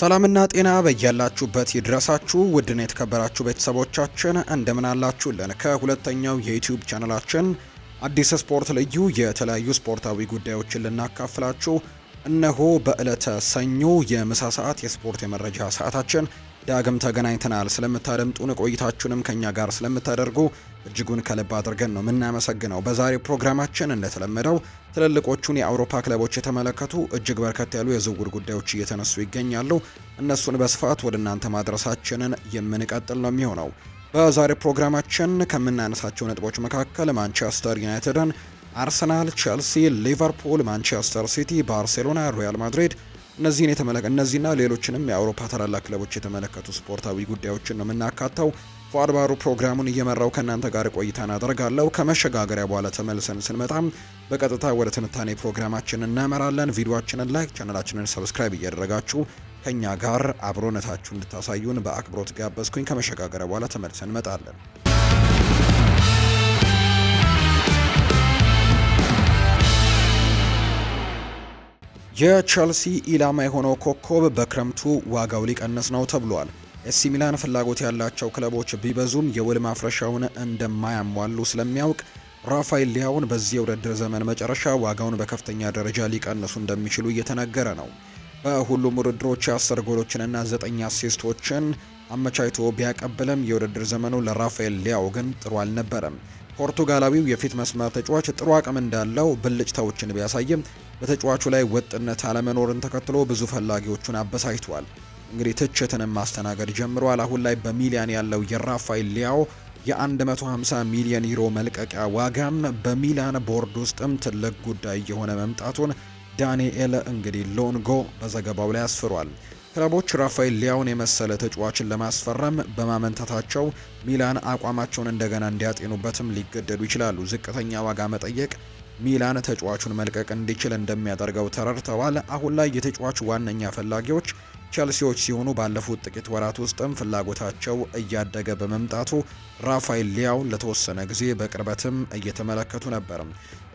ሰላምና ጤና በያላችሁበት ይድረሳችሁ። ውድን የተከበራችሁ ቤተሰቦቻችን እንደምን አላችሁልን? ከሁለተኛው የዩቲዩብ ቻናላችን አዲስ ስፖርት ልዩ የተለያዩ ስፖርታዊ ጉዳዮችን ልናካፍላችሁ እነሆ በዕለተ ሰኞ የምሳ ሰዓት የስፖርት የመረጃ ሰዓታችን ዳግም ተገናኝተናል። ስለምታደምጡን ቆይታችሁንም ከኛ ጋር ስለምታደርጉ እጅጉን ከልብ አድርገን ነው የምናመሰግነው። በዛሬው ፕሮግራማችን እንደተለመደው ትልልቆቹን የአውሮፓ ክለቦች የተመለከቱ እጅግ በርከት ያሉ የዝውውር ጉዳዮች እየተነሱ ይገኛሉ። እነሱን በስፋት ወደ እናንተ ማድረሳችንን የምንቀጥል ነው የሚሆነው። በዛሬው ፕሮግራማችን ከምናነሳቸው ነጥቦች መካከል ማንቸስተር ዩናይትድን፣ አርሰናል፣ ቼልሲ፣ ሊቨርፑል፣ ማንቸስተር ሲቲ፣ ባርሴሎና፣ ሪያል ማድሪድ እነዚህን የተመለከ እነዚህና ሌሎችንም የአውሮፓ ታላላቅ ክለቦች የተመለከቱ ስፖርታዊ ጉዳዮችን ነው የምናካተው። ፏድባሩ ፕሮግራሙን እየመራው ከእናንተ ጋር ቆይታን አደርጋለሁ። ከመሸጋገሪያ በኋላ ተመልሰን ስንመጣም በቀጥታ ወደ ትንታኔ ፕሮግራማችን እናመራለን። ቪዲዮችንን ላይክ፣ ቻናላችንን ሰብስክራይብ እያደረጋችሁ ከእኛ ጋር አብሮነታችሁ እንድታሳዩን በአክብሮት ጋበዝኩኝ። ከመሸጋገሪያ በኋላ ተመልሰን እንመጣለን። የቸልሲ ኢላማ የሆነው ኮከብ በክረምቱ ዋጋው ሊቀንስ ነው ተብሏል። ኤሲ ሚላን ፍላጎት ያላቸው ክለቦች ቢበዙም የውል ማፍረሻውን እንደማያሟሉ ስለሚያውቅ ራፋኤል ሊያውን በዚህ የውድድር ዘመን መጨረሻ ዋጋውን በከፍተኛ ደረጃ ሊቀንሱ እንደሚችሉ እየተነገረ ነው። በሁሉም ውድድሮች አስር ጎሎችንና ዘጠኝ አሲስቶችን አመቻችቶ ቢያቀብልም የውድድር ዘመኑ ለራፋኤል ሊያው ግን ጥሩ አልነበረም። ፖርቱጋላዊው የፊት መስመር ተጫዋች ጥሩ አቅም እንዳለው ብልጭታዎችን ቢያሳይም በተጫዋቹ ላይ ወጥነት አለመኖርን ተከትሎ ብዙ ፈላጊዎቹን አበሳጭቷል። እንግዲህ ትችትንም ማስተናገድ ጀምሯል። አሁን ላይ በሚሊያን ያለው የራፋኤል ሊያው የ150 ሚሊዮን ዩሮ መልቀቂያ ዋጋም በሚላን ቦርድ ውስጥም ትልቅ ጉዳይ የሆነ መምጣቱን ዳንኤል እንግዲህ ሎንጎ በዘገባው ላይ አስፍሯል። ክለቦች ራፋኤል ሊያውን የመሰለ ተጫዋችን ለማስፈረም በማመንታታቸው ሚላን አቋማቸውን እንደገና እንዲያጤኑበትም ሊገደዱ ይችላሉ። ዝቅተኛ ዋጋ መጠየቅ ሚላን ተጫዋቹን መልቀቅ እንዲችል እንደሚያደርገው ተረድተዋል። አሁን ላይ የተጫዋቹ ዋነኛ ፈላጊዎች ቸልሲዎች ሲሆኑ ባለፉት ጥቂት ወራት ውስጥም ፍላጎታቸው እያደገ በመምጣቱ ራፋኤል ሊያውን ለተወሰነ ጊዜ በቅርበትም እየተመለከቱ ነበር።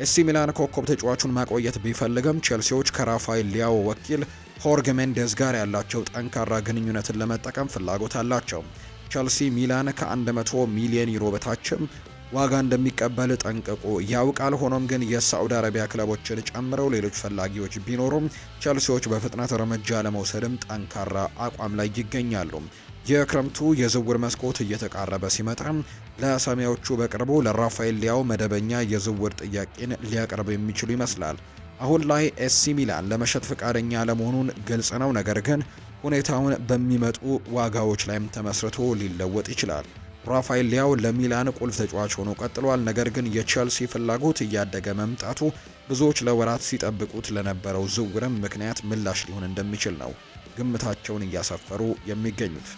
ኤሲ ሚላን ኮከብ ተጫዋቹን ማቆየት ቢፈልግም ቸልሲዎች ከራፋኤል ሊያው ወኪል ሆርግ ሜንደዝ ጋር ያላቸው ጠንካራ ግንኙነትን ለመጠቀም ፍላጎት አላቸው። ቸልሲ ሚላን ከ100 ሚሊዮን ዩሮ በታችም ዋጋ እንደሚቀበል ጠንቅቆ ያውቃል። ሆኖም ግን የሳዑዲ አረቢያ ክለቦችን ጨምረው ሌሎች ፈላጊዎች ቢኖሩም ቸልሲዎች በፍጥነት እርምጃ ለመውሰድም ጠንካራ አቋም ላይ ይገኛሉ። የክረምቱ የዝውውር መስኮት እየተቃረበ ሲመጣ ለሰማያዎቹ በቅርቡ ለራፋኤል ሊያው መደበኛ የዝውውር ጥያቄን ሊያቀርብ የሚችሉ ይመስላል። አሁን ላይ ኤሲ ሚላን ለመሸጥ ፈቃደኛ ለመሆኑን ግልጽ ነው። ነገር ግን ሁኔታውን በሚመጡ ዋጋዎች ላይም ተመስርቶ ሊለወጥ ይችላል። ራፋኤል ሊያው ለሚላን ቁልፍ ተጫዋች ሆኖ ቀጥሏል። ነገር ግን የቼልሲ ፍላጎት እያደገ መምጣቱ ብዙዎች ለወራት ሲጠብቁት ለነበረው ዝውውርም ምክንያት ምላሽ ሊሆን እንደሚችል ነው ግምታቸውን እያሰፈሩ የሚገኙት።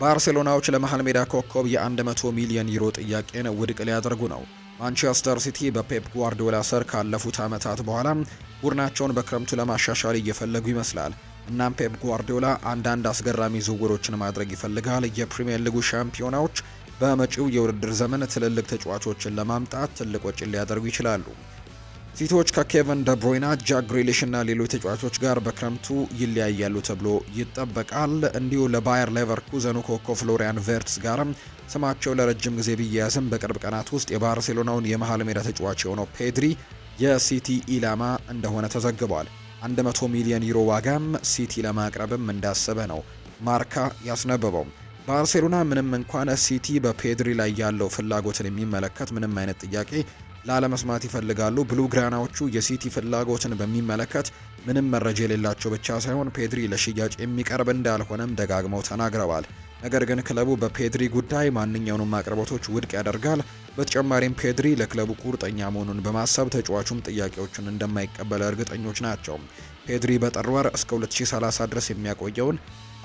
ባርሴሎናዎች ለመሃል ሜዳ ኮከብ የ100 ሚሊዮን ዩሮ ጥያቄን ውድቅ ሊያደርጉ ነው። ማንቸስተር ሲቲ በፔፕ ጓርዲዮላ ስር ካለፉት ዓመታት በኋላ ቡድናቸውን በክረምቱ ለማሻሻል እየፈለጉ ይመስላል። እናም ፔፕ ጓርዲዮላ አንዳንድ አስገራሚ ዝውውሮችን ማድረግ ይፈልጋል። የፕሪምየር ሊጉ ሻምፒዮናዎች በመጪው የውድድር ዘመን ትልልቅ ተጫዋቾችን ለማምጣት ትልቅ ወጪ ሊያደርጉ ይችላሉ። ሲቲዎች ከኬቨን ደብሮይና፣ ጃክ ግሪሊሽ እና ሌሎች ተጫዋቾች ጋር በክረምቱ ይለያያሉ ተብሎ ይጠበቃል። እንዲሁ ለባየር ሌቨርኩዘኑ ኮኮ ፍሎሪያን ቨርትስ ጋርም ስማቸው ለረጅም ጊዜ ቢያያዝም በቅርብ ቀናት ውስጥ የባርሴሎናውን የመሃል ሜዳ ተጫዋች የሆነው ፔድሪ የሲቲ ኢላማ እንደሆነ ተዘግቧል። 100 ሚሊዮን ዩሮ ዋጋም ሲቲ ለማቅረብም እንዳሰበ ነው ማርካ ያስነበበው። ባርሴሎና ምንም እንኳን ሲቲ በፔድሪ ላይ ያለው ፍላጎትን የሚመለከት ምንም አይነት ጥያቄ ላለመስማት ይፈልጋሉ። ብሉ ግራናዎቹ የሲቲ ፍላጎትን በሚመለከት ምንም መረጃ የሌላቸው ብቻ ሳይሆን ፔድሪ ለሽያጭ የሚቀርብ እንዳልሆነም ደጋግመው ተናግረዋል። ነገር ግን ክለቡ በፔድሪ ጉዳይ ማንኛውንም አቅርቦቶች ውድቅ ያደርጋል። በተጨማሪም ፔድሪ ለክለቡ ቁርጠኛ መሆኑን በማሰብ ተጫዋቹም ጥያቄዎቹን እንደማይቀበል እርግጠኞች ናቸው። ፔድሪ በጥር ወር እስከ 2030 ድረስ የሚያቆየውን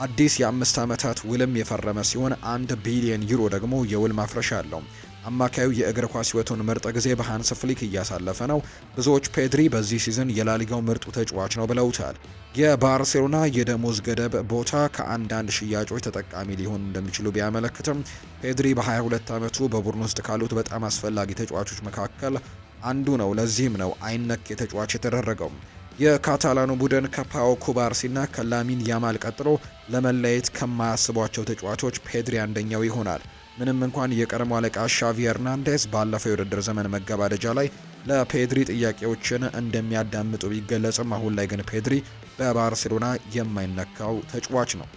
አዲስ የአምስት ዓመታት ውልም የፈረመ ሲሆን አንድ ቢሊዮን ዩሮ ደግሞ የውል ማፍረሻ አለው። አማካዩ የእግር ኳስ ሕይወቱን ምርጥ ጊዜ በሃንስ ፍሊክ እያሳለፈ ነው። ብዙዎች ፔድሪ በዚህ ሲዝን የላሊጋው ምርጡ ተጫዋች ነው ብለውታል። የባርሴሎና የደሞዝ ገደብ ቦታ ከአንዳንድ ሽያጮች ተጠቃሚ ሊሆን እንደሚችሉ ቢያመለክትም ፔድሪ በ22 ዓመቱ በቡድን ውስጥ ካሉት በጣም አስፈላጊ ተጫዋቾች መካከል አንዱ ነው። ለዚህም ነው አይነክ የተጫዋች የተደረገው። የካታላኑ ቡድን ከፓኦ ኩባርሲና ከላሚን ያማል ቀጥሎ ለመለየት ከማያስቧቸው ተጫዋቾች ፔድሪ አንደኛው ይሆናል። ምንም እንኳን የቀድሞ አለቃ ሻቪ ሄርናንዴዝ ባለፈው የውድድር ዘመን መገባደጃ ላይ ለፔድሪ ጥያቄዎችን እንደሚያዳምጡ ቢገለጽም አሁን ላይ ግን ፔድሪ በባርሴሎና የማይነካው ተጫዋች ነው።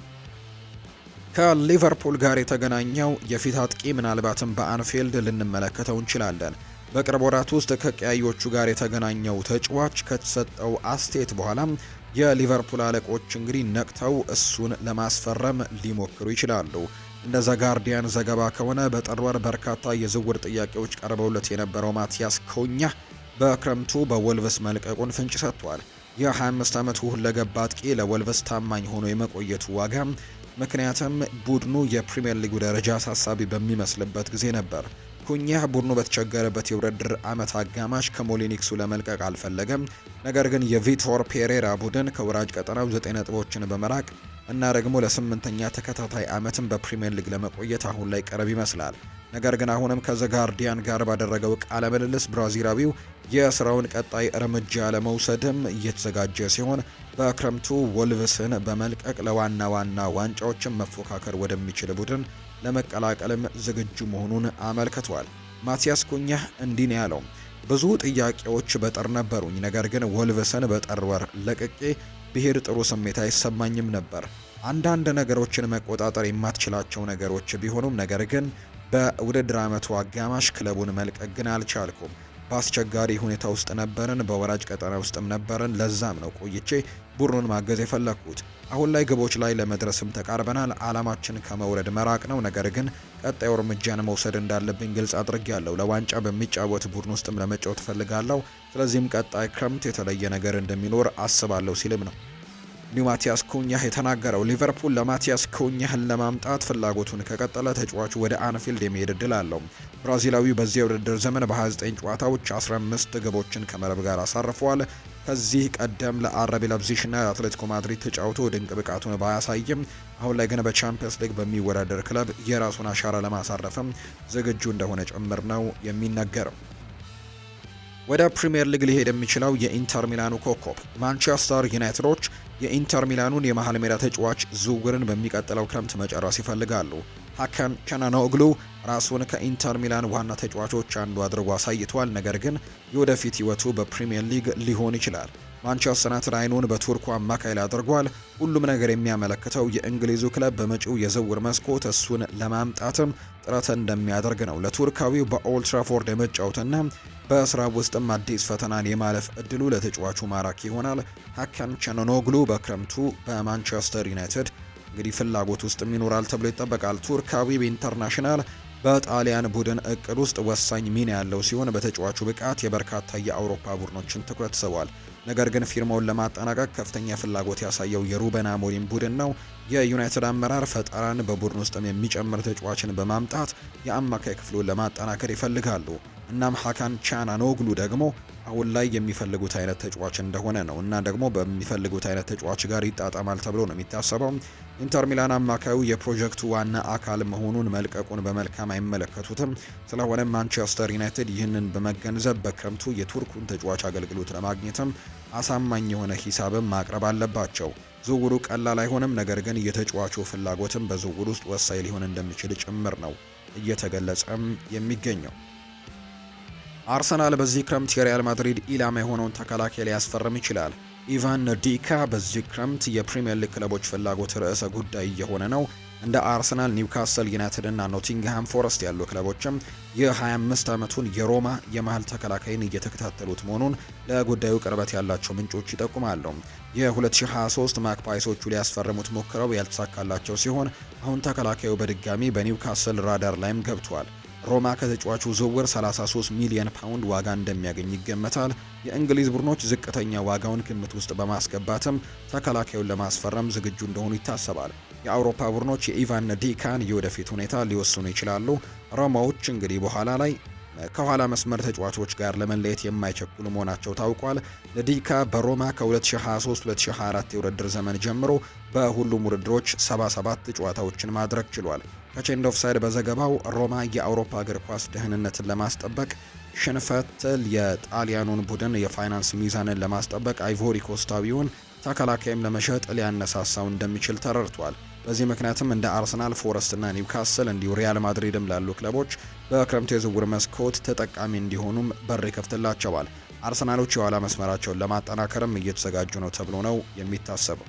ከሊቨርፑል ጋር የተገናኘው የፊት አጥቂ ምናልባትም በአንፊልድ ልንመለከተው እንችላለን። በቅርብ ወራት ውስጥ ከቀያዮቹ ጋር የተገናኘው ተጫዋች ከተሰጠው አስተያየት በኋላ የሊቨርፑል አለቆች እንግዲህ ነቅተው እሱን ለማስፈረም ሊሞክሩ ይችላሉ። እንደ ዘጋርዲያን ዘገባ ከሆነ በጥር ወር በርካታ የዝውውር ጥያቄዎች ቀርበውለት የነበረው ማቲያስ ኮኛ በክረምቱ በወልቭስ መልቀቁን ፍንጭ ሰጥቷል። የ25 ዓመቱ ሁለገብ አጥቂ ለወልቭስ ታማኝ ሆኖ የመቆየቱ ዋጋ ምክንያትም ቡድኑ የፕሪምየር ሊጉ ደረጃ አሳሳቢ በሚመስልበት ጊዜ ነበር ኩኛህ ቡድኑ በተቸገረበት የውድድር ዓመት አጋማሽ ከሞሊኒክሱ ለመልቀቅ አልፈለገም። ነገር ግን የቪቶር ፔሬራ ቡድን ከወራጅ ቀጠናው ዘጠኝ ነጥቦችን በመራቅ እና ደግሞ ለስምንተኛ ተከታታይ ዓመትም በፕሪምየር ሊግ ለመቆየት አሁን ላይ ቅርብ ይመስላል። ነገር ግን አሁንም ከዘ ጋርዲያን ጋር ባደረገው ቃለ ምልልስ ብራዚላዊው የስራውን ቀጣይ እርምጃ ለመውሰድም እየተዘጋጀ ሲሆን በክረምቱ ወልቭስን በመልቀቅ ለዋና ዋና ዋንጫዎችን መፎካከር ወደሚችል ቡድን ለመቀላቀልም ዝግጁ መሆኑን አመልክቷል። ማቲያስ ኩኛ እንዲህ ነው ያለው። ብዙ ጥያቄዎች በጥር ነበሩኝ፣ ነገር ግን ወልቭስን በጥር ወር ለቅቄ ብሄድ ጥሩ ስሜት አይሰማኝም ነበር። አንዳንድ ነገሮችን መቆጣጠር የማትችላቸው ነገሮች ቢሆኑም፣ ነገር ግን በውድድር ዓመቱ አጋማሽ ክለቡን መልቀቅ ግን አልቻልኩም። በአስቸጋሪ ሁኔታ ውስጥ ነበርን፣ በወራጅ ቀጠና ውስጥም ነበርን። ለዛም ነው ቆይቼ ቡድኑን ማገዝ የፈለግኩት። አሁን ላይ ግቦች ላይ ለመድረስም ተቃርበናል። አላማችን ከመውረድ መራቅ ነው። ነገር ግን ቀጣዩ እርምጃን መውሰድ እንዳለብኝ ግልጽ አድርጌያለሁ። ለዋንጫ በሚጫወት ቡድን ውስጥም ለመጫወት እፈልጋለሁ። ስለዚህም ቀጣይ ክረምት የተለየ ነገር እንደሚኖር አስባለሁ ሲልም ነው ኒው ማቲያስ ኩኛህ የተናገረው ሊቨርፑል ለማቲያስ ኩኛህን ለማምጣት ፍላጎቱን ከቀጠለ ተጫዋቹ ወደ አንፊልድ የመሄድ እድል አለው። ብራዚላዊው በዚህ የውድድር ዘመን በ29 ጨዋታዎች 15 ግቦችን ከመረብ ጋር አሳርፈዋል። ከዚህ ቀደም ለአረቢ ለብዚሽና ለአትሌቲኮ ማድሪድ ተጫውቶ ድንቅ ብቃቱን ባያሳይም አሁን ላይ ግን በቻምፒየንስ ሊግ በሚወዳደር ክለብ የራሱን አሻራ ለማሳረፍም ዝግጁ እንደሆነ ጭምር ነው የሚነገረው። ወደ ፕሪምየር ሊግ ሊሄድ የሚችለው የኢንተር ሚላኑ ኮከብ ማንቸስተር ዩናይትዶች የኢንተር ሚላኑን የመሃል ሜዳ ተጫዋች ዝውውርን በሚቀጥለው ክረምት መጨረስ ይፈልጋሉ። ሀካን ቻናኖግሉ ራሱን ከኢንተር ሚላን ዋና ተጫዋቾች አንዱ አድርጎ አሳይቷል። ነገር ግን የወደፊት ህይወቱ በፕሪምየር ሊግ ሊሆን ይችላል። ማንቸስተር ዩናይትድ አይኑን በቱርኩ አማካይ ላይ አድርጓል። ሁሉም ነገር የሚያመለክተው የእንግሊዙ ክለብ በመጪው የዝውውር መስኮት እሱን ለማምጣትም ጥረት እንደሚያደርግ ነው። ለቱርካዊው በኦልትራፎርድ የመጫወትና በስራ ውስጥም አዲስ ፈተናን የማለፍ እድሉ ለተጫዋቹ ማራኪ ይሆናል። ሀካን ቻኖኖግሉ በክረምቱ በማንቸስተር ዩናይትድ እንግዲህ ፍላጎት ውስጥም ይኖራል ተብሎ ይጠበቃል። ቱርካዊው ኢንተርናሽናል በጣሊያን ቡድን እቅድ ውስጥ ወሳኝ ሚና ያለው ሲሆን በተጫዋቹ ብቃት የበርካታ የአውሮፓ ቡድኖችን ትኩረት ስቧል። ነገር ግን ፊርማውን ለማጠናቀቅ ከፍተኛ ፍላጎት ያሳየው የሩበን አሞሪም ቡድን ነው። የዩናይትድ አመራር ፈጠራን በቡድን ውስጥም የሚጨምር ተጫዋችን በማምጣት የአማካይ ክፍሉን ለማጠናከር ይፈልጋሉ። እናም ሀካን ቻናኖግሉ ደግሞ አሁን ላይ የሚፈልጉት አይነት ተጫዋች እንደሆነ ነው እና ደግሞ በሚፈልጉት አይነት ተጫዋች ጋር ይጣጣማል ተብሎ ነው የሚታሰበው። ኢንተር ሚላን አማካዩ የፕሮጀክቱ ዋና አካል መሆኑን መልቀቁን በመልካም አይመለከቱትም። ስለሆነ ማንቸስተር ዩናይትድ ይህንን በመገንዘብ በክረምቱ የቱርኩን ተጫዋች አገልግሎት ለማግኘትም አሳማኝ የሆነ ሂሳብም ማቅረብ አለባቸው። ዝውውሩ ቀላል አይሆንም፣ ነገር ግን የተጫዋቹ ፍላጎትም በዝውውር ውስጥ ወሳኝ ሊሆን እንደሚችል ጭምር ነው እየተገለጸም የሚገኘው። አርሰናል በዚህ ክረምት የሪያል ማድሪድ ኢላማ የሆነውን ተከላካይ ሊያስፈርም ይችላል። ኢቫን ዲካ በዚህ ክረምት የፕሪምየር ሊግ ክለቦች ፍላጎት ርዕሰ ጉዳይ እየሆነ ነው። እንደ አርሰናል፣ ኒውካስል ዩናይትድ እና ኖቲንግሃም ፎረስት ያሉ ክለቦችም የ25 ዓመቱን የሮማ የመሃል ተከላካይን እየተከታተሉት መሆኑን ለጉዳዩ ቅርበት ያላቸው ምንጮች ይጠቁማሉ። የ2023 ማክፓይሶቹ ሊያስፈርሙት ሞክረው ያልተሳካላቸው ሲሆን አሁን ተከላካዩ በድጋሚ በኒውካስል ራዳር ላይም ገብቷል። ሮማ ከተጫዋቹ ዝውውር 33 ሚሊዮን ፓውንድ ዋጋ እንደሚያገኝ ይገመታል። የእንግሊዝ ቡድኖች ዝቅተኛ ዋጋውን ግምት ውስጥ በማስገባትም ተከላካዩን ለማስፈረም ዝግጁ እንደሆኑ ይታሰባል። የአውሮፓ ቡድኖች የኢቫን ዲካን የወደፊት ሁኔታ ሊወስኑ ይችላሉ። ሮማዎች እንግዲህ በኋላ ላይ ከኋላ መስመር ተጫዋቾች ጋር ለመለየት የማይቸኩሉ መሆናቸው ታውቋል። ለዲካ በሮማ ከ2023-2024 የውድድር ዘመን ጀምሮ በሁሉም ውድድሮች 77 ጨዋታዎችን ማድረግ ችሏል። ከቼንድ ኦፍ ሳይድ በዘገባው ሮማ የአውሮፓ እግር ኳስ ደህንነትን ለማስጠበቅ ሽንፈትል የጣሊያኑን ቡድን የፋይናንስ ሚዛንን ለማስጠበቅ አይቮሪ ኮስታዊውን ተከላካይም ለመሸጥ ሊያነሳሳው እንደሚችል ተረድቷል። በዚህ ምክንያትም እንደ አርሰናል፣ ፎረስት እና ኒውካስል እንዲሁ ሪያል ማድሪድም ላሉ ክለቦች በክረምቱ የዝውውር መስኮት ተጠቃሚ እንዲሆኑም በር ይከፍትላቸዋል። አርሰናሎች የኋላ መስመራቸውን ለማጠናከርም እየተዘጋጁ ነው ተብሎ ነው የሚታሰበው።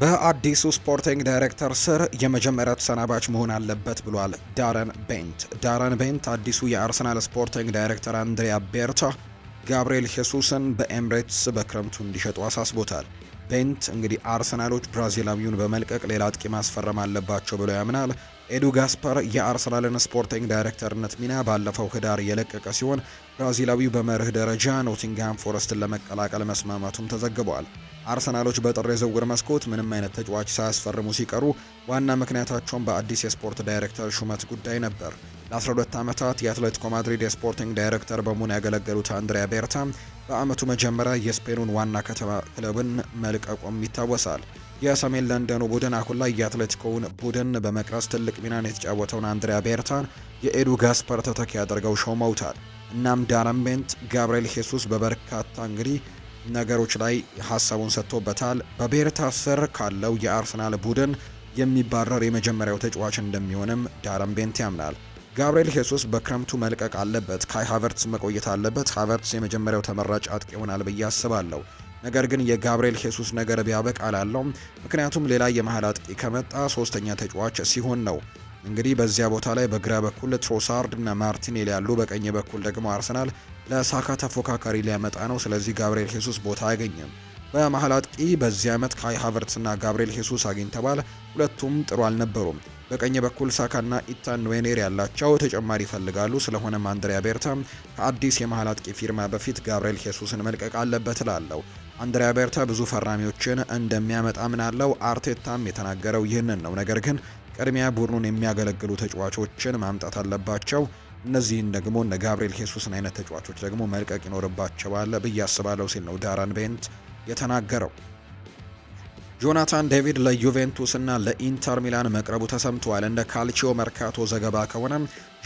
በአዲሱ ስፖርቲንግ ዳይሬክተር ስር የመጀመሪያ ተሰናባች መሆን አለበት ብሏል ዳረን ቤንት። ዳረን ቤንት አዲሱ የአርሰናል ስፖርቲንግ ዳይሬክተር አንድሪያ ቤርታ ጋብርኤል ሄሱስን በኤምሬትስ በክረምቱ እንዲሸጡ አሳስቦታል። ቤንት እንግዲህ አርሰናሎች ብራዚላዊውን በመልቀቅ ሌላ አጥቂ ማስፈረም አለባቸው ብሎ ያምናል። ኤዱ ጋስፐር የአርሰናልን ስፖርቲንግ ዳይሬክተርነት ሚና ባለፈው ህዳር የለቀቀ ሲሆን ብራዚላዊው በመርህ ደረጃ ኖቲንግሃም ፎረስትን ለመቀላቀል መስማማቱም ተዘግቧል። አርሰናሎች በጥር የዝውውር መስኮት ምንም አይነት ተጫዋች ሳያስፈርሙ ሲቀሩ ዋና ምክንያታቸውም በአዲስ የስፖርት ዳይሬክተር ሹመት ጉዳይ ነበር። ለ12 ዓመታት የአትሌቲኮ ማድሪድ የስፖርቲንግ ዳይሬክተር በመሆን ያገለገሉት አንድሪያ ቤርታ በአመቱ መጀመሪያ የስፔኑን ዋና ከተማ ክለብን መልቀቁም ይታወሳል። የሰሜን ለንደኑ ቡድን አሁን ላይ የአትሌቲኮውን ቡድን በመቅረጽ ትልቅ ሚናን የተጫወተውን አንድሪያ ቤርታን የኤዱ ጋስፐር ተተኪ አድርገው ሾመውታል። እናም ዳረንቤንት ጋብርኤል ሄሱስ በበርካታ እንግዲህ ነገሮች ላይ ሀሳቡን ሰጥቶበታል። በቤርታ ስር ካለው የአርሰናል ቡድን የሚባረር የመጀመሪያው ተጫዋች እንደሚሆንም ዳረንቤንት ያምናል። ጋብርኤል ሄሱስ በክረምቱ መልቀቅ አለበት። ካይ ሃቨርትስ መቆየት አለበት። ሃቨርትስ የመጀመሪያው ተመራጭ አጥቂ ይሆናል ብዬ አስባለሁ። ነገር ግን የጋብርኤል ሄሱስ ነገር ቢያበቃ አላለው። ምክንያቱም ሌላ የመሀል አጥቂ ከመጣ ሶስተኛ ተጫዋች ሲሆን ነው። እንግዲህ በዚያ ቦታ ላይ በግራ በኩል ትሮሳርድ እና ማርቲኔል ያሉ፣ በቀኝ በኩል ደግሞ አርሰናል ለሳካ ተፎካካሪ ሊያመጣ ነው። ስለዚህ ጋብርኤል ሄሱስ ቦታ አያገኝም። በመሀል አጥቂ በዚህ ዓመት ካይ ሃቨርትስና ጋብሪኤል ሄሱስ አግኝተዋል። ሁለቱም ጥሩ አልነበሩም። በቀኝ በኩል ሳካና ኢታን ዌኔር ያላቸው ተጨማሪ ይፈልጋሉ። ስለሆነም አንድሪያ ቤርታ ከአዲስ የመሀል አጥቂ ፊርማ በፊት ጋብሪኤል ሄሱስን መልቀቅ አለበት እላለሁ። አንድሪያ ቤርታ ብዙ ፈራሚዎችን እንደሚያመጣ ምናለው። አርቴታም የተናገረው ይህንን ነው። ነገር ግን ቅድሚያ ቡድኑን የሚያገለግሉ ተጫዋቾችን ማምጣት አለባቸው። እነዚህን ደግሞ እነ ጋብሪኤል ሄሱስን አይነት ተጫዋቾች ደግሞ መልቀቅ ይኖርባቸዋል ብዬ አስባለሁ ሲል ነው ዳራን ቤንት የተናገረው። ጆናታን ዴቪድ ለዩቬንቱስ እና ለኢንተር ሚላን መቅረቡ ተሰምቷል። እንደ ካልቺዮ መርካቶ ዘገባ ከሆነ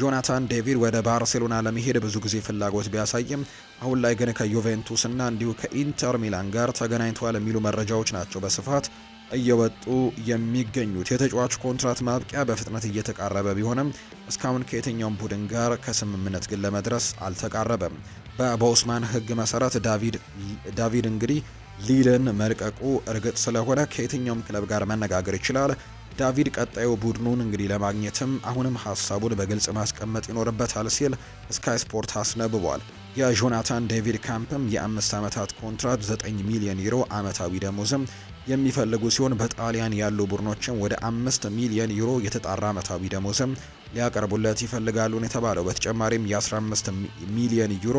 ጆናታን ዴቪድ ወደ ባርሴሎና ለመሄድ ብዙ ጊዜ ፍላጎት ቢያሳይም አሁን ላይ ግን ከዩቬንቱስ እና እንዲሁ ከኢንተር ሚላን ጋር ተገናኝተዋል የሚሉ መረጃዎች ናቸው በስፋት እየወጡ የሚገኙት። የተጫዋቹ ኮንትራት ማብቂያ በፍጥነት እየተቃረበ ቢሆንም እስካሁን ከየትኛውም ቡድን ጋር ከስምምነት ግን ለመድረስ አልተቃረበም። በቦስማን ሕግ መሰረት ዳቪድ እንግዲህ ሊልን መልቀቁ እርግጥ ስለሆነ ከየትኛውም ክለብ ጋር መነጋገር ይችላል። ዳቪድ ቀጣዩ ቡድኑን እንግዲህ ለማግኘትም አሁንም ሀሳቡን በግልጽ ማስቀመጥ ይኖርበታል ሲል ስካይ ስፖርት አስነብቧል። የጆናታን ዴቪድ ካምፕም የአምስት ዓመታት ኮንትራት 9 ሚሊዮን ዩሮ ዓመታዊ ደሞዝም የሚፈልጉ ሲሆን በጣሊያን ያሉ ቡድኖችም ወደ አምስት ሚሊዮን ዩሮ የተጣራ ዓመታዊ ደሞዝም ሊያቀርቡለት ይፈልጋሉን የተባለው። በተጨማሪም የ15 ሚሊዮን ዩሮ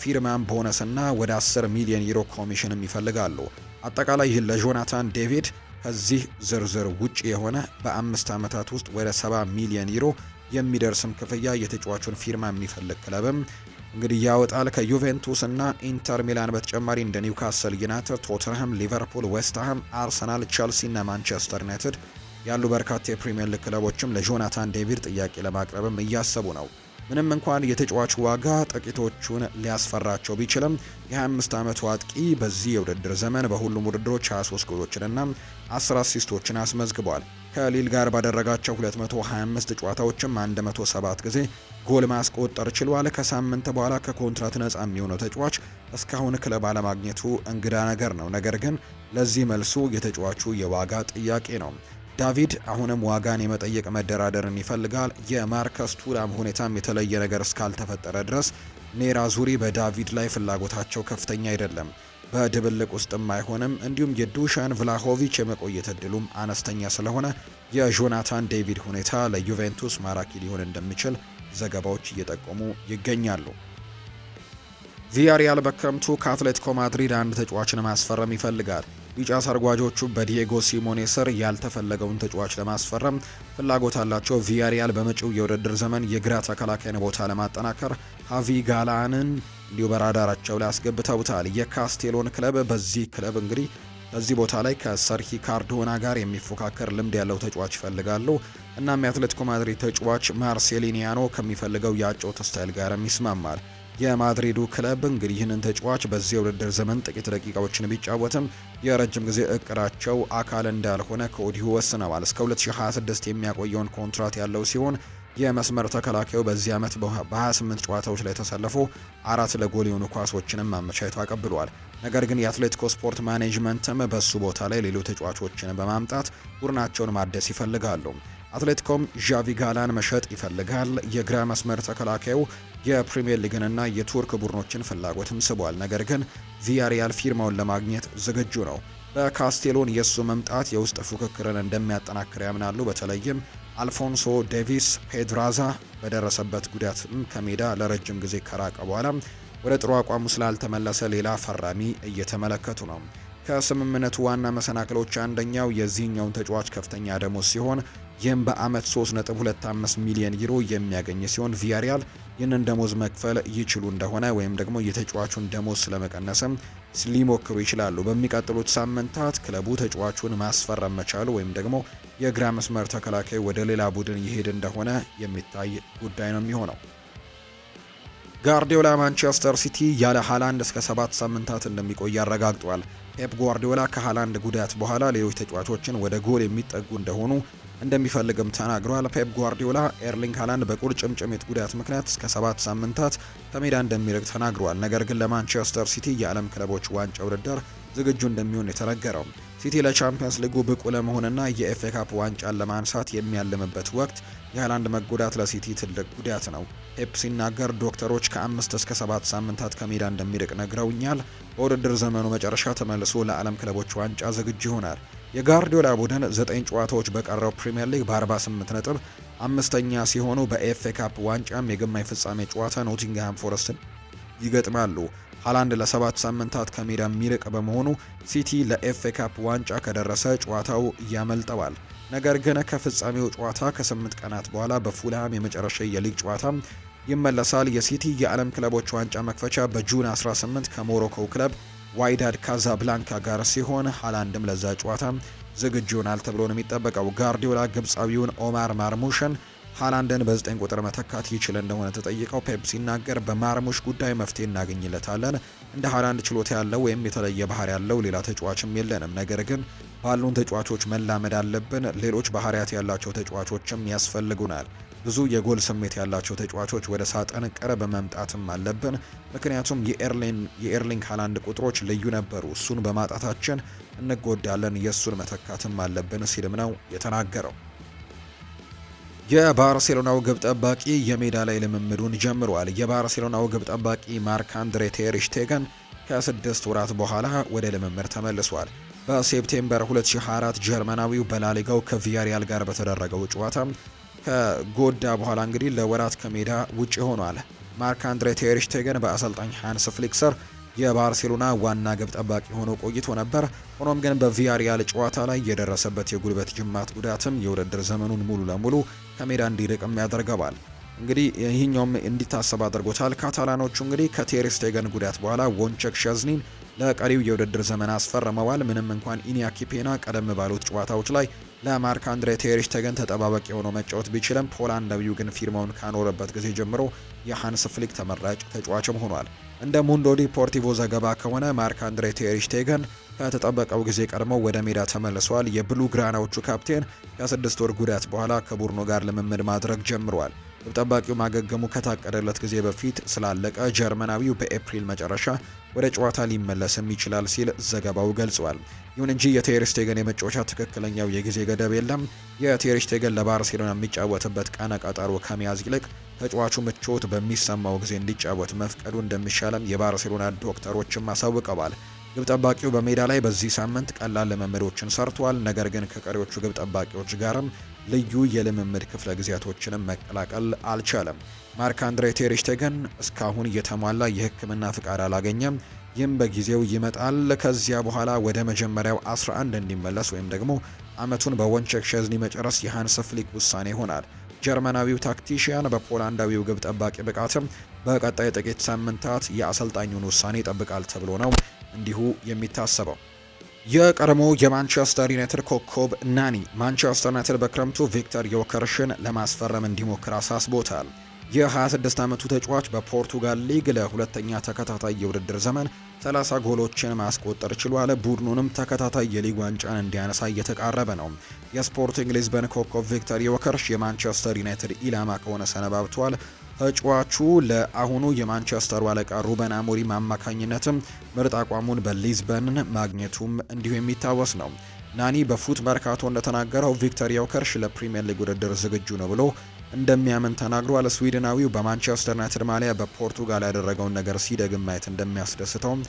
ፊርማን ቦነስና ወደ 10 ሚሊዮን ዩሮ ኮሚሽንም ይፈልጋሉ። አጠቃላይ ለጆናታን ዴቪድ ከዚህ ዝርዝር ውጪ የሆነ በአምስት ዓመታት ውስጥ ወደ 70 ሚሊዮን ዩሮ የሚደርስም ክፍያ የተጫዋቹን ፊርማ የሚፈልግ ክለብም እንግዲህ ያወጣል። ከዩቬንቱስ እና ኢንተር ሚላን በተጨማሪ እንደ ኒውካስል ዩናይትድ፣ ቶተንሃም፣ ሊቨርፑል፣ ዌስትሃም፣ አርሰናል፣ ቸልሲ እና ማንቸስተር ዩናይትድ ያሉ በርካታ የፕሪምየር ሊግ ክለቦችም ለጆናታን ዴቪድ ጥያቄ ለማቅረብም እያሰቡ ነው። ምንም እንኳን የተጫዋች ዋጋ ጥቂቶቹን ሊያስፈራቸው ቢችልም የ25 ዓመቱ አጥቂ በዚህ የውድድር ዘመን በሁሉም ውድድሮች 23 ጎሎችንና 10 አሲስቶችን አስመዝግቧል። ከሊል ጋር ባደረጋቸው 225 ጨዋታዎችም 107 ጊዜ ጎል ማስቆጠር ችሏል። ከሳምንት በኋላ ከኮንትራት ነጻ የሚሆነው ተጫዋች እስካሁን ክለብ አለማግኘቱ እንግዳ ነገር ነው። ነገር ግን ለዚህ መልሱ የተጫዋቹ የዋጋ ጥያቄ ነው። ዳቪድ አሁንም ዋጋን የመጠየቅ መደራደርን ይፈልጋል። የማርከስ ቱራም ሁኔታም የተለየ ነገር እስካልተፈጠረ ድረስ ኔራ ዙሪ በዳቪድ ላይ ፍላጎታቸው ከፍተኛ አይደለም፣ በድብልቅ ውስጥም አይሆንም። እንዲሁም የዱሻን ቭላሆቪች የመቆየት እድሉም አነስተኛ ስለሆነ የጆናታን ዴቪድ ሁኔታ ለዩቬንቱስ ማራኪ ሊሆን እንደሚችል ዘገባዎች እየጠቆሙ ይገኛሉ። ቪያሪያል በክረምቱ ከአትሌቲኮ ማድሪድ አንድ ተጫዋችን ማስፈረም ይፈልጋል። ቢጫ ሰርጓጆቹ በዲየጎ ሲሞኔ ስር ያልተፈለገውን ተጫዋች ለማስፈረም ፍላጎት አላቸው። ቪያሪያል በመጪው የውድድር ዘመን የግራ ተከላካይን ቦታ ለማጠናከር ሀቪ ጋላንን እንዲሁ በራዳራቸው ላይ አስገብተውታል። የካስቴሎን ክለብ በዚህ ክለብ እንግዲህ በዚህ ቦታ ላይ ከሰርሂ ካርዶና ጋር የሚፎካከር ልምድ ያለው ተጫዋች ይፈልጋሉ። እናም የአትሌቲኮ ማድሪድ ተጫዋች ማርሴሊኒያኖ ከሚፈልገው የአጨዋወት ስታይል ጋርም ይስማማል። የማድሪዱ ክለብ እንግዲህ ይህንን ተጫዋች በዚህ የውድድር ዘመን ጥቂት ደቂቃዎችን ቢጫወትም የረጅም ጊዜ እቅዳቸው አካል እንዳልሆነ ከወዲሁ ወስነዋል። እስከ 2026 የሚያቆየውን ኮንትራት ያለው ሲሆን የመስመር ተከላካዩ በዚህ ዓመት በ28 ጨዋታዎች ላይ ተሰልፎ አራት ለጎል የሆኑ ኳሶችንም አመቻይቶ አቀብሏል። ነገር ግን የአትሌቲኮ ስፖርት ማኔጅመንትም በሱ ቦታ ላይ ሌሎች ተጫዋቾችን በማምጣት ቡድናቸውን ማደስ ይፈልጋሉ። አትሌቲኮም ዣቪ ጋላን መሸጥ ይፈልጋል። የግራ መስመር ተከላካዩ የፕሪምየር ሊግንና የቱርክ ቡድኖችን ፍላጎትም ስቧል። ነገር ግን ቪያሪያል ፊርማውን ለማግኘት ዝግጁ ነው። በካስቴሎን የእሱ መምጣት የውስጥ ፉክክርን እንደሚያጠናክር ያምናሉ። በተለይም አልፎንሶ ዴቪስ ፔድራዛ በደረሰበት ጉዳትም ከሜዳ ለረጅም ጊዜ ከራቀ በኋላ ወደ ጥሩ አቋሙ ስላልተመለሰ ሌላ ፈራሚ እየተመለከቱ ነው። ከስምምነቱ ዋና መሰናክሎች አንደኛው የዚህኛውን ተጫዋች ከፍተኛ ደሞዝ ሲሆን ይህም በአመት 3.25 ሚሊዮን ዩሮ የሚያገኝ ሲሆን ቪያሪያል ይህንን ደሞዝ መክፈል ይችሉ እንደሆነ ወይም ደግሞ የተጫዋቹን ደሞዝ ስለመቀነስም ሊሞክሩ ይችላሉ። በሚቀጥሉት ሳምንታት ክለቡ ተጫዋቹን ማስፈረም መቻሉ ወይም ደግሞ የግራ መስመር ተከላካይ ወደ ሌላ ቡድን ይሄድ እንደሆነ የሚታይ ጉዳይ ነው የሚሆነው። ጓርዲዮላ ማንቸስተር ሲቲ ያለ ሃላንድ እስከ ሰባት ሳምንታት እንደሚቆይ አረጋግጧል። ፔፕ ጓርዲዮላ ከሃላንድ ጉዳት በኋላ ሌሎች ተጫዋቾችን ወደ ጎል የሚጠጉ እንደሆኑ እንደሚፈልግም ተናግሯል። ፔፕ ጓርዲዮላ ኤርሊንግ ሃላንድ በቁርጭምጭሚት ጉዳት ምክንያት እስከ ሰባት ሳምንታት ከሜዳ እንደሚርቅ ተናግሯል። ነገር ግን ለማንቸስተር ሲቲ የዓለም ክለቦች ዋንጫ ውድድር ዝግጁ እንደሚሆን የተነገረው ሲቲ ለቻምፒየንስ ሊጉ ብቁ ለመሆንና የኤፍኤ ካፕ ዋንጫን ለማንሳት የሚያልምበት ወቅት የሃላንድ መጎዳት ለሲቲ ትልቅ ጉዳት ነው። ፔፕ ሲናገር ዶክተሮች ከአምስት እስከ ሰባት ሳምንታት ከሜዳ እንደሚርቅ ነግረውኛል። በውድድር ዘመኑ መጨረሻ ተመልሶ ለዓለም ክለቦች ዋንጫ ዝግጁ ይሆናል። የጋርዲዮላ ቡድን ዘጠኝ ጨዋታዎች በቀረው ፕሪምየር ሊግ በ48 ነጥብ አምስተኛ ሲሆኑ በኤፍኤ ካፕ ዋንጫም የግማሽ ፍጻሜ ጨዋታ ኖቲንግሃም ፎረስትን ይገጥማሉ። ሃላንድ ለሰባት ሳምንታት ከሜዳ የሚርቅ በመሆኑ ሲቲ ለኤፍኤ ካፕ ዋንጫ ከደረሰ ጨዋታው ያመልጠዋል። ነገር ግን ከፍጻሜው ጨዋታ ከስምንት ቀናት በኋላ በፉልሃም የመጨረሻ የሊግ ጨዋታ ይመለሳል። የሲቲ የዓለም ክለቦች ዋንጫ መክፈቻ በጁን 18 ከሞሮኮው ክለብ ዋይዳድ ካዛብላንካ ጋር ሲሆን ሃላንድም ለዛ ጨዋታ ዝግጁ ይሆናል ተብሎ ነው የሚጠበቀው። ጋርዲዮላ ግብፃዊውን ኦማር ማርሙሽን ሃላንድን በ9 ቁጥር መተካት ይችል እንደሆነ ተጠይቀው ፔፕ ሲናገር በማርሙሽ ጉዳይ መፍትሄ እናገኝለታለን። እንደ ሃላንድ ችሎታ ያለው ወይም የተለየ ባህሪ ያለው ሌላ ተጫዋችም የለንም። ነገር ግን ባሉን ተጫዋቾች መላመድ አለብን። ሌሎች ባህሪያት ያላቸው ተጫዋቾችም ያስፈልጉናል። ብዙ የጎል ስሜት ያላቸው ተጫዋቾች ወደ ሳጥን ቅርብ መምጣትም አለብን። ምክንያቱም የኤርሊንግ ሃላንድ ቁጥሮች ልዩ ነበሩ። እሱን በማጣታችን እንጎዳለን። የእሱን መተካትም አለብን ሲልም ነው የተናገረው። የባርሴሎናው ግብ ጠባቂ የሜዳ ላይ ልምምዱን ጀምሯል። የባርሴሎናው ግብ ጠባቂ ማርክ አንድሬ ቴርሽቴገን ከስድስት ወራት በኋላ ወደ ልምምድ ተመልሷል። በሴፕቴምበር 2024 ጀርመናዊው በላሊጋው ከቪያሪያል ጋር በተደረገው ጨዋታ ከጎዳ በኋላ እንግዲህ ለወራት ከሜዳ ውጪ ሆኗል። ማርክ አንድሬ ቴርሽቴገን በአሰልጣኝ ሃንስ ፍሊክ ስር የባርሴሎና ዋና ግብ ጠባቂ ሆኖ ቆይቶ ነበር። ሆኖም ግን በቪያሪያል ጨዋታ ላይ የደረሰበት የጉልበት ጅማት ጉዳትም የውድድር ዘመኑን ሙሉ ለሙሉ ከሜዳ እንዲርቅም ያደርገዋል። እንግዲህ ይህኛውም እንዲታሰብ አድርጎታል። ካታላኖቹ እንግዲህ ከቴርስቴገን ጉዳት በኋላ ወንቸክ ሸዝኒን ለቀሪው የውድድር ዘመን አስፈርመዋል። ምንም እንኳን ኢኒያኪ ፔና ቀደም ባሉት ጨዋታዎች ላይ ለማርክ አንድሬ ቴሪሽተገን ተጠባባቂ ሆኖ መጫወት ቢችልም ፖላንዳዊው ግን ፊርማውን ካኖረበት ጊዜ ጀምሮ የሃንስ ፍሊክ ተመራጭ ተጫዋችም ሆኗል። እንደ ሙንዶ ዲፖርቲቮ ዘገባ ከሆነ ማርክ አንድሬ ቴሪሽቴገን ከተጠበቀው ጊዜ ቀድሞ ወደ ሜዳ ተመልሷል። የብሉ ግራናዎቹ ካፕቴን ከስድስት ወር ጉዳት በኋላ ከቡድኑ ጋር ልምምድ ማድረግ ጀምሯል። ግብ ጠባቂው ማገገሙ ከታቀደለት ጊዜ በፊት ስላለቀ ጀርመናዊው በኤፕሪል መጨረሻ ወደ ጨዋታ ሊመለስም ይችላል ሲል ዘገባው ገልጿል። ይሁን እንጂ የቴርስቴገን የመጫወቻ ትክክለኛው የጊዜ ገደብ የለም። የቴርስቴገን ለባርሴሎና የሚጫወትበት ቀነ ቀጠሮ ከመያዝ ይልቅ ተጫዋቹ ምቾት በሚሰማው ጊዜ እንዲጫወት መፍቀዱ እንደሚሻለም የባርሴሎና ዶክተሮችም አሳውቀዋል። ግብ ጠባቂው በሜዳ ላይ በዚህ ሳምንት ቀላል ልምምዶችን ሰርቷል። ነገር ግን ከቀሪዎቹ ግብ ጠባቂዎች ጋርም ልዩ የልምምድ ክፍለ ጊዜያቶችንም መቀላቀል አልቻለም። ማርክ አንድሬ ቴሪሽቴገን እስካሁን የተሟላ የሕክምና ፍቃድ አላገኘም። ይህም በጊዜው ይመጣል። ከዚያ በኋላ ወደ መጀመሪያው 11 እንዲመለስ ወይም ደግሞ አመቱን በወንቸክ ሸዝኒ መጨረስ የሃንስ ፍሊክ ውሳኔ ይሆናል። ጀርመናዊው ታክቲሽያን በፖላንዳዊው ግብ ጠባቂ ብቃትም በቀጣይ ጥቂት ሳምንታት የአሰልጣኙን ውሳኔ ይጠብቃል ተብሎ ነው እንዲሁ የሚታሰበው። የቀድሞ የማንቸስተር ዩናይትድ ኮከብ ናኒ ማንቸስተር ዩናይትድ በክረምቱ ቪክተር ዮከርሽን ለማስፈረም እንዲሞክር አሳስቦታል። የ26 ዓመቱ ተጫዋች በፖርቱጋል ሊግ ለሁለተኛ ተከታታይ የውድድር ዘመን 30 ጎሎችን ማስቆጠር ችሏል። ቡድኑንም ተከታታይ የሊግ ዋንጫን እንዲያነሳ እየተቃረበ ነው። የስፖርቲንግ ሊዝበን ኮከብ ቪክተር ዮከርሽ የማንቸስተር ዩናይትድ ኢላማ ከሆነ ሰነባብቷል። ተጫዋቹ ለአሁኑ የማንቸስተሩ አለቃ ሩበን አሞሪም አማካኝነትም ምርጥ አቋሙን በሊዝበን ማግኘቱም እንዲሁ የሚታወስ ነው። ናኒ በፉት መርካቶ እንደተናገረው ቪክተር ያውከርሽ ለፕሪምየር ሊግ ውድድር ዝግጁ ነው ብሎ እንደሚያምን ተናግሯል። ስዊድናዊው በማንቸስተር ዩናይትድ ማሊያ በፖርቱጋል ያደረገውን ነገር ሲደግም ማየት እንደሚያስደስተውም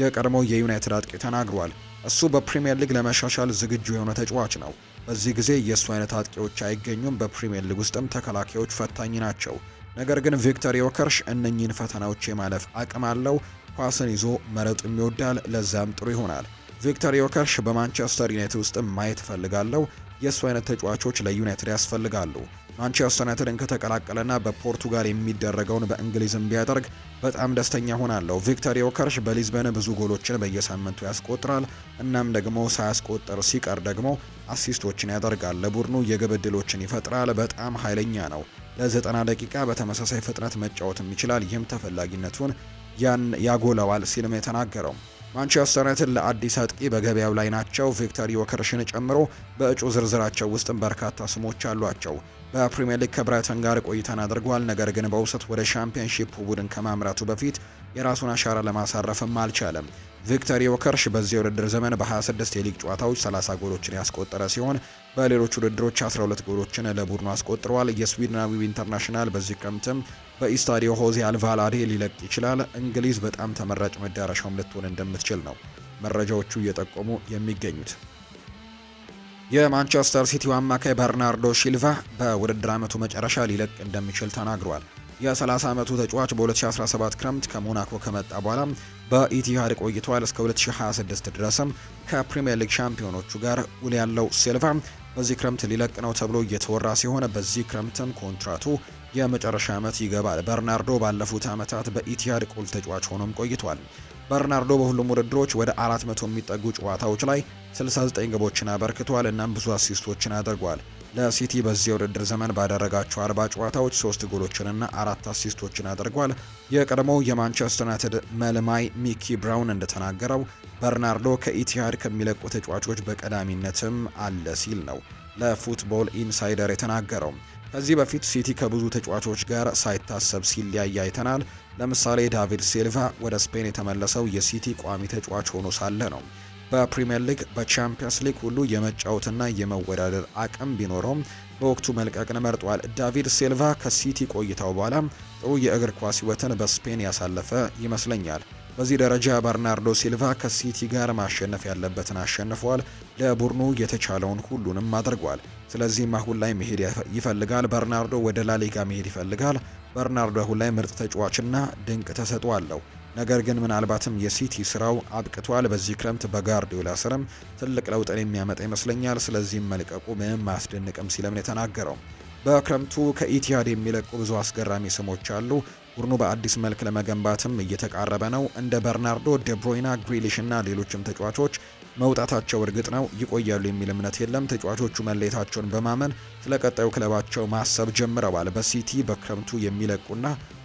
የቀድሞው የዩናይትድ አጥቂ ተናግሯል። እሱ በፕሪምየር ሊግ ለመሻሻል ዝግጁ የሆነ ተጫዋች ነው። በዚህ ጊዜ የእሱ አይነት አጥቂዎች አይገኙም። በፕሪምየር ሊግ ውስጥም ተከላካዮች ፈታኝ ናቸው። ነገር ግን ቪክተር ዮከርሽ እነኚህን ፈተናዎች የማለፍ አቅም አለው። ኳስን ይዞ መረጡም ይወዳል። ለዛም ጥሩ ይሆናል። ቪክተር ዮከርሽ በማንቸስተር ዩናይትድ ውስጥም ማየት እፈልጋለሁ። የእሱ አይነት ተጫዋቾች ለዩናይትድ ያስፈልጋሉ። ማንቸስተር ዩናይትድን ከተቀላቀለና በፖርቱጋል የሚደረገውን በእንግሊዝም ቢያደርግ በጣም ደስተኛ ሆናለሁ። ቪክተር ዮከርሽ በሊዝበን ብዙ ጎሎችን በየሳምንቱ ያስቆጥራል። እናም ደግሞ ሳያስቆጥር ሲቀር ደግሞ አሲስቶችን ያደርጋል። ለቡድኑ የግብ ዕድሎችን ይፈጥራል። በጣም ኃይለኛ ነው። ለ90 ደቂቃ በተመሳሳይ ፍጥነት መጫወትም ይችላል። ይህም ተፈላጊነቱን ያን ያጎለዋል ሲልም የተናገረው ማንቸስተር ዩናይትድ ለአዲስ አጥቂ በገበያው ላይ ናቸው። ቪክተር ዮከርሽን ጨምሮ በእጩ ዝርዝራቸው ውስጥም በርካታ ስሞች አሏቸው። በፕሪምየር ሊግ ከብራይተን ጋር ቆይታን አድርጓል። ነገር ግን በውሰት ወደ ሻምፒዮንሺፕ ቡድን ከማምራቱ በፊት የራሱን አሻራ ለማሳረፍም አልቻለም። ቪክተር ዮከርሽ በዚህ ውድድር ዘመን በ26 የሊግ ጨዋታዎች 30 ጎሎችን ያስቆጠረ ሲሆን በሌሎች ውድድሮች 12 ጎሎችን ለቡድኑ አስቆጥረዋል። የስዊድናዊው ኢንተርናሽናል በዚህ ክረምትም በኢስታዲዮ ሆዜ አልቫላዴ ሊለቅ ይችላል። እንግሊዝ በጣም ተመራጭ መዳረሻውም ልትሆን እንደምትችል ነው መረጃዎቹ እየጠቆሙ የሚገኙት። የማንቸስተር ሲቲው አማካይ በርናርዶ ሺልቫ በውድድር ዓመቱ መጨረሻ ሊለቅ እንደሚችል ተናግሯል። የ30 ዓመቱ ተጫዋች በ2017 ክረምት ከሞናኮ ከመጣ በኋላ በኢቲሃድ ቆይቷል። እስከ 2026 ድረስም ከፕሪምየር ሊግ ሻምፒዮኖቹ ጋር ውል ያለው ሲልቫ በዚህ ክረምት ሊለቅ ነው ተብሎ እየተወራ ሲሆን በዚህ ክረምትም ኮንትራቱ የመጨረሻ ዓመት ይገባል። በርናርዶ ባለፉት ዓመታት በኢቲሃድ ቁልፍ ተጫዋች ሆኖም ቆይቷል። በርናርዶ በሁሉም ውድድሮች ወደ 400 የሚጠጉ ጨዋታዎች ላይ 69 ግቦችን አበርክቷል እናም ብዙ አሲስቶችን አድርጓል። ለሲቲ በዚህ የውድድር ዘመን ባደረጋቸው አርባ ጨዋታዎች ሶስት ጎሎችንና አራት አሲስቶችን አድርጓል። የቀድሞው የማንቸስተር ዩናይትድ መልማይ ሚኪ ብራውን እንደተናገረው በርናርዶ ከኢቲሃድ ከሚለቁ ተጫዋቾች በቀዳሚነትም አለ ሲል ነው ለፉትቦል ኢንሳይደር የተናገረው። ከዚህ በፊት ሲቲ ከብዙ ተጫዋቾች ጋር ሳይታሰብ ሲለያይ አይተናል። ለምሳሌ ዳቪድ ሲልቫ ወደ ስፔን የተመለሰው የሲቲ ቋሚ ተጫዋች ሆኖ ሳለ ነው። በፕሪምየር ሊግ በቻምፒየንስ ሊግ ሁሉ የመጫወትና የመወዳደር አቅም ቢኖረውም በወቅቱ መልቀቅን መርጧል። ዳቪድ ሲልቫ ከሲቲ ቆይታው በኋላ ጥሩ የእግር ኳስ ህይወትን በስፔን ያሳለፈ ይመስለኛል። በዚህ ደረጃ በርናርዶ ሲልቫ ከሲቲ ጋር ማሸነፍ ያለበትን አሸንፏል። ለቡድኑ የተቻለውን ሁሉንም አድርጓል። ስለዚህም አሁን ላይ መሄድ ይፈልጋል። በርናርዶ ወደ ላሊጋ መሄድ ይፈልጋል። በርናርዶ አሁን ላይ ምርጥ ተጫዋችና ድንቅ ተሰጥኦ አለው። ነገር ግን ምናልባትም የሲቲ ስራው አብቅቷል። በዚህ ክረምት በጋርዲዮላ ስርም ትልቅ ለውጥን የሚያመጣ ይመስለኛል። ስለዚህም መልቀቁ ምንም አያስደንቅም ሲለምን የተናገረው በክረምቱ ከኢቲያድ የሚለቁ ብዙ አስገራሚ ስሞች አሉ። ቡድኑ በአዲስ መልክ ለመገንባትም እየተቃረበ ነው። እንደ በርናርዶ ደብሮይና፣ ግሪሊሽ እና ሌሎችም ተጫዋቾች መውጣታቸው እርግጥ ነው ይቆያሉ የሚል እምነት የለም። ተጫዋቾቹ መለየታቸውን በማመን ስለ ቀጣዩ ክለባቸው ማሰብ ጀምረዋል። በሲቲ በክረምቱ የሚለቁና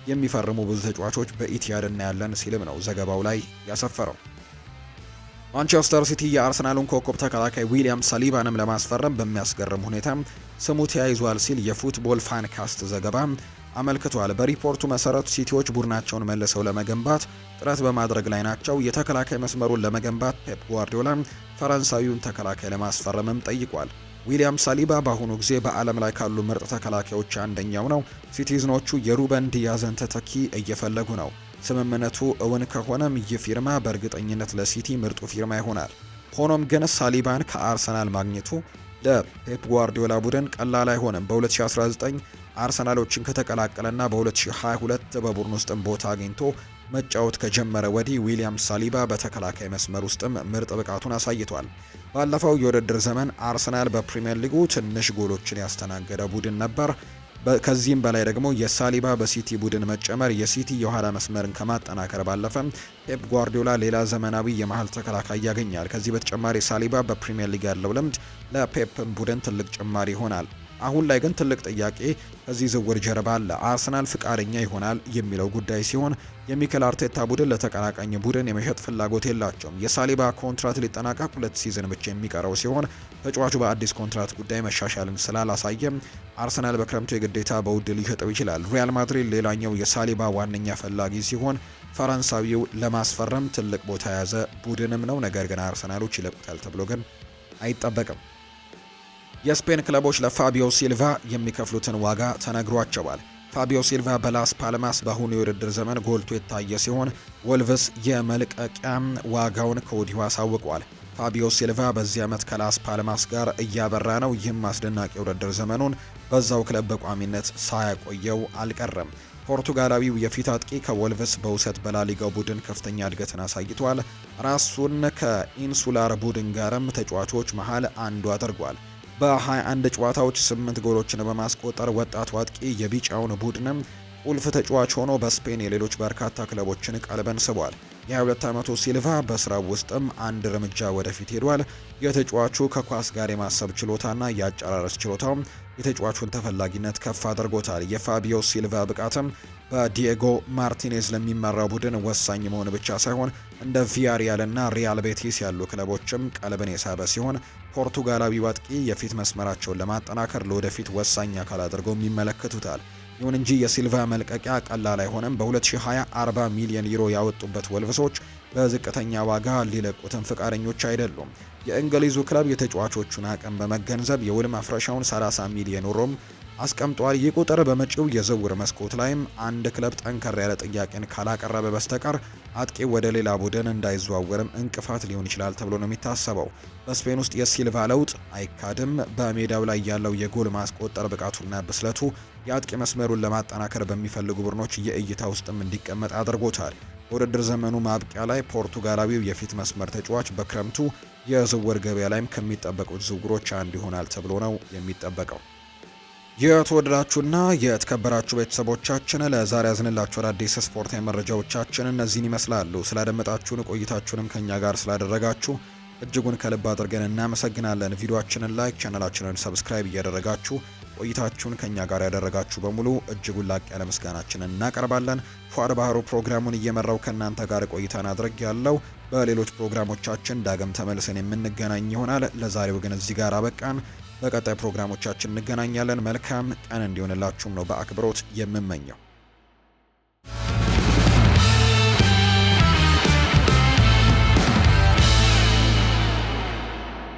የሚፈርሙ ብዙ ተጫዋቾች በኢቲያድ እናያለን ሲልም ነው ዘገባው ላይ ያሰፈረው። ማንቸስተር ሲቲ የአርሰናሉን ኮከብ ተከላካይ ዊሊያም ሳሊባንም ለማስፈረም በሚያስገርም ሁኔታ ስሙ ተያይዟል ሲል የፉትቦል ፋንካስት ዘገባ አመልክቷል። በሪፖርቱ መሰረት ሲቲዎች ቡድናቸውን መልሰው ለመገንባት ጥረት በማድረግ ላይ ናቸው። የተከላካይ መስመሩን ለመገንባት ፔፕ ጓርዲዮላ ፈረንሳዊውን ተከላካይ ለማስፈረምም ጠይቋል። ዊሊያም ሳሊባ በአሁኑ ጊዜ በዓለም ላይ ካሉ ምርጥ ተከላካዮች አንደኛው ነው። ሲቲዝኖቹ የሩበን ዲያዝን ተተኪ እየፈለጉ ነው። ስምምነቱ እውን ከሆነም ይህ ፊርማ በእርግጠኝነት ለሲቲ ምርጡ ፊርማ ይሆናል። ሆኖም ግን ሳሊባን ከአርሰናል ማግኘቱ ለፔፕ ጓርዲዮላ ቡድን ቀላል አይሆንም። በ2019 አርሰናሎችን ከተቀላቀለና በ2022 በቡድን ውስጥም ቦታ አግኝቶ መጫወት ከጀመረ ወዲህ ዊሊያም ሳሊባ በተከላካይ መስመር ውስጥም ምርጥ ብቃቱን አሳይቷል። ባለፈው የውድድር ዘመን አርሰናል በፕሪምየር ሊጉ ትንሽ ጎሎችን ያስተናገደ ቡድን ነበር። ከዚህም በላይ ደግሞ የሳሊባ በሲቲ ቡድን መጨመር የሲቲ የኋላ መስመርን ከማጠናከር ባለፈ ፔፕ ጓርዲዮላ ሌላ ዘመናዊ የመሀል ተከላካይ ያገኛል። ከዚህ በተጨማሪ ሳሊባ በፕሪምየር ሊግ ያለው ልምድ ለፔፕ ቡድን ትልቅ ጭማሪ ይሆናል። አሁን ላይ ግን ትልቅ ጥያቄ ከዚህ ዝውውር ጀርባ አለ። አርሰናል ፍቃደኛ ይሆናል የሚለው ጉዳይ ሲሆን የሚኬል አርቴታ ቡድን ለተቀናቃኝ ቡድን የመሸጥ ፍላጎት የላቸውም። የሳሊባ ኮንትራት ሊጠናቀቅ ሁለት ሲዝን ብቻ የሚቀረው ሲሆን ተጫዋቹ በአዲስ ኮንትራት ጉዳይ መሻሻልን ስላላሳየም አርሰናል በክረምቱ የግዴታ በውድ ሊሸጠው ይችላል። ሪያል ማድሪድ ሌላኛው የሳሊባ ዋነኛ ፈላጊ ሲሆን ፈረንሳዊው ለማስፈረም ትልቅ ቦታ የያዘ ቡድንም ነው። ነገር ግን አርሰናሎች ይለቁታል ተብሎ ግን አይጠበቅም። የስፔን ክለቦች ለፋቢዮ ሲልቫ የሚከፍሉትን ዋጋ ተነግሯቸዋል። ፋቢዮ ሲልቫ በላስ ፓልማስ በአሁኑ የውድድር ዘመን ጎልቶ የታየ ሲሆን ወልቭስ የመልቀቂያ ዋጋውን ከወዲሁ አሳውቋል። ፋቢዮ ሲልቫ በዚህ ዓመት ከላስ ፓልማስ ጋር እያበራ ነው። ይህም አስደናቂ የውድድር ዘመኑን በዛው ክለብ በቋሚነት ሳያቆየው አልቀረም። ፖርቱጋላዊው የፊት አጥቂ ከወልቭስ በውሰት በላሊጋው ቡድን ከፍተኛ እድገትን አሳይቷል። ራሱን ከኢንሱላር ቡድን ጋርም ተጫዋቾች መሃል አንዱ አድርጓል። በ21 ጨዋታዎች 8 ጎሎችን በማስቆጠር ወጣቱ አጥቂ የቢጫውን ቡድንም ቁልፍ ተጫዋች ሆኖ በስፔን የሌሎች በርካታ ክለቦችን ቀልበን ስቧል። የ22 ዓመቱ ሲልቫ በስራው ውስጥም አንድ እርምጃ ወደፊት ሄዷል። የተጫዋቹ ከኳስ ጋር የማሰብ ችሎታና የአጨራረስ ችሎታው የተጫዋቹን ተፈላጊነት ከፍ አድርጎታል። የፋቢዮ ሲልቫ ብቃትም በዲየጎ ማርቲኔዝ ለሚመራው ቡድን ወሳኝ መሆን ብቻ ሳይሆን እንደ ቪያሪያልና ሪያል ቤቲስ ያሉ ክለቦችም ቀልብን የሳበ ሲሆን ፖርቱጋላዊ አጥቂ የፊት መስመራቸውን ለማጠናከር ለወደፊት ወሳኝ አካል አድርገው ይመለከቱታል። ይሁን እንጂ የሲልቫ መልቀቂያ ቀላል አይሆንም። በ2020 40 ሚሊዮን ዩሮ ያወጡበት ወልቭሶች በዝቅተኛ ዋጋ ሊለቁትም ፍቃደኞች አይደሉም። የእንግሊዙ ክለብ የተጫዋቾቹን አቅም በመገንዘብ የውል ማፍረሻውን 30 ሚሊዮን ዩሮም አስቀምጧል። ይህ ቁጥር በመጪው የዝውውር መስኮት ላይም አንድ ክለብ ጠንከር ያለ ጥያቄን ካላቀረበ በስተቀር አጥቂ ወደ ሌላ ቡድን እንዳይዘዋወርም እንቅፋት ሊሆን ይችላል ተብሎ ነው የሚታሰበው። በስፔን ውስጥ የሲልቫ ለውጥ አይካድም። በሜዳው ላይ ያለው የጎል ማስቆጠር ብቃቱና ብስለቱ የአጥቂ መስመሩን ለማጠናከር በሚፈልጉ ቡድኖች የእይታ ውስጥም እንዲቀመጥ አድርጎታል። በውድድር ዘመኑ ማብቂያ ላይ ፖርቱጋላዊው የፊት መስመር ተጫዋች በክረምቱ የዝውውር ገበያ ላይም ከሚጠበቁት ዝውውሮች አንዱ ይሆናል ተብሎ ነው የሚጠበቀው። የተወደዳችሁና የተከበራችሁ ቤተሰቦቻችን ለዛሬ ያዝንላችሁ አዳዲስ ስፖርታዊ መረጃዎቻችን እነዚህን ይመስላሉ። ስላደመጣችሁን ቆይታችሁንም ከኛ ጋር ስላደረጋችሁ እጅጉን ከልብ አድርገን እናመሰግናለን። ቪዲዮአችንን ላይክ፣ ቻናላችንን ሰብስክራይብ እያደረጋችሁ ቆይታችሁን ከኛ ጋር ያደረጋችሁ በሙሉ እጅጉን ላቅ ያለ ምስጋናችንን እናቀርባለን። ፏር ባህሩ ፕሮግራሙን እየመራው ከእናንተ ጋር ቆይታን አድርግ ያለው በሌሎች ፕሮግራሞቻችን ዳግም ተመልሰን የምንገናኝ ይሆናል። ለዛሬው ግን እዚህ ጋር አበቃን። በቀጣይ ፕሮግራሞቻችን እንገናኛለን። መልካም ቀን እንዲሆንላችሁም ነው በአክብሮት የምመኘው።